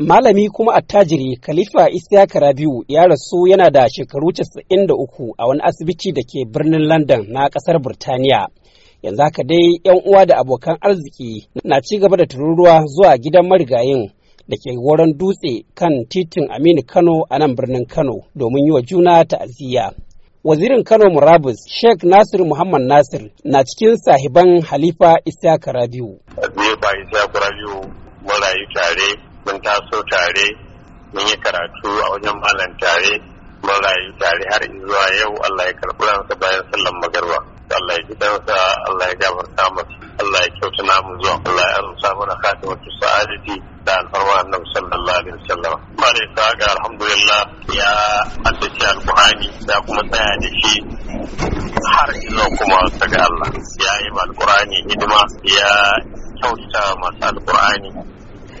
Malami kuma attajiri Khalifa Isiyaka Rabiu ya rasu yana da shekaru casa'in da uku a wani asibiti da ke birnin London na ƙasar Burtaniya. Yanzu haka dai 'yan uwa da abokan arziki na ci gaba da tururuwa zuwa gidan marigayin da ke wurin dutse kan titin Aminu Kano a nan birnin Kano domin yi wa juna ta'aziyya. Wazirin Kano Murabus Sheikh Nasir Muhammad Nasir na cikin sahiban Halifa Isiyaka Rabiu. Rabiu mun rayu tare mun taso tare mun yi karatu a wajen malam tare mun rayu tare har zuwa yau Allah ya karɓi ransa bayan sallan magarba Allah ya gidansa Allah ya gafarta masa Allah ya kyauta namu zuwa Allah ya rusa mana khatimatu sa'adati da alfarwa annabi sallallahu alaihi wasallam bare ta ga alhamdulillah ya haddace alqur'ani da kuma tsaya da shi har zuwa kuma daga Allah ya yi alqur'ani hidima ya kyauta masa alqur'ani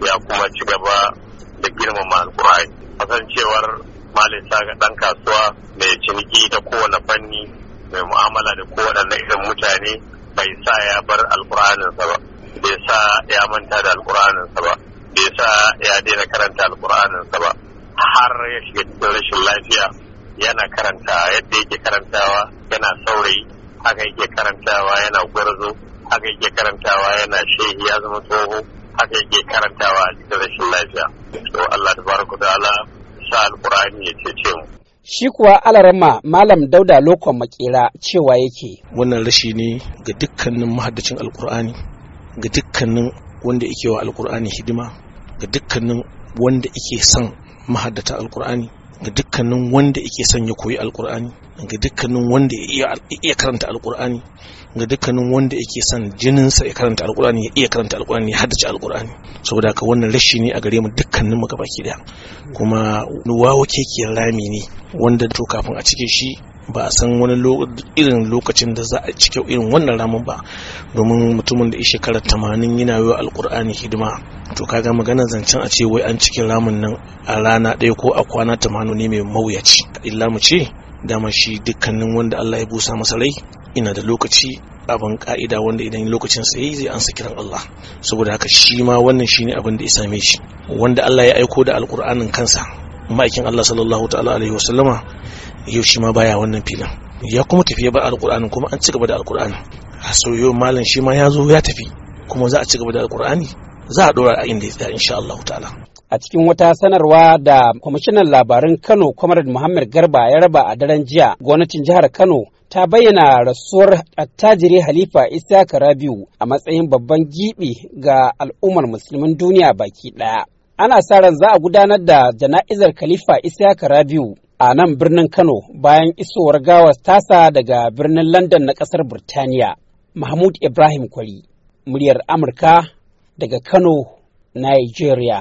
ya kuma ci gaba da girmama alkur'ani kasancewar malin ga ɗan kasuwa mai ciniki da kowane fanni mai mu'amala da kowane irin mutane bai sa ya bar alkur'aninsa ba bai sa ya manta da alkur'aninsa ba bai sa ya daina karanta alkur'aninsa ba har ya shiga cikin rashin lafiya yana karanta yadda yake karantawa yana saurayi haka yake karantawa yana gwarzo haka yake karantawa yana shehi ya zama tsoho haka yake karantawa a cikin rashin lafiya to Allah da ala sa al'kur'ani ya cece mu shi kuwa alarama malam dauda lokon makera cewa yake wannan rashi ne ga dukkanin mahaddacin alkur'ani ga dukkanin wanda yake wa alkur'ani hidima ga dukkanin wanda yake son mahaddata alkur'ani ga dukkanin wanda yake son ya koyi alkur'ani ga dukkanin wanda ya iya karanta alkur'ani ga dukkanin wanda yake son jininsa ya karanta alkur'ani ya iya karanta alkur'ani ya haddace alkur'ani saboda haka wannan rashi ne a gare mu dukkanin mu gabaki daya kuma nuwawo ke rami ne wanda to kafin a cike shi ba a san wani irin lokacin da za a ci kyau irin wannan ramin ba domin mutumin da ya shekarar tamanin yana yi wa alkur'ani hidima to kaga magana zancen a ce wai an cikin ramin nan a rana ɗaya ko a kwana tamanu ne mai mawuyaci illa mu ce dama shi dukkanin wanda Allah ya busa masa rai ina da lokaci abin ka'ida wanda idan lokacin sa yi zai ansa kiran Allah saboda haka shi ma wannan shi ne abin da ya same shi wanda Allah ya aiko da alkur'anin kansa ma'aikin Allah sallallahu ta'ala alaihi wasallama yau shi ma baya wannan filin ya kuma tafi ya bar alkur'ani kuma an ci gaba da alkur'ani a soyo malam shi ma ya zo ya tafi kuma za a ci da alkur'ani za a dora a inda ya tsaya insha Allah ta'ala a cikin wata sanarwa da kwamishinan labarin Kano Comrade Muhammad Garba ya raba a daren jiya gwamnatin jihar Kano ta bayyana rasuwar attajiri Halifa isa Rabiu a matsayin babban gibi ga al'ummar musulmin duniya baki ɗaya. Ana sa ran za a gudanar da jana'izar Khalifa isa Rabiu a nan birnin Kano bayan isowar gawas tasa daga birnin London na ƙasar Burtaniya. Mahmud Ibrahim Kwari, muryar Amurka daga Kano, Nigeria.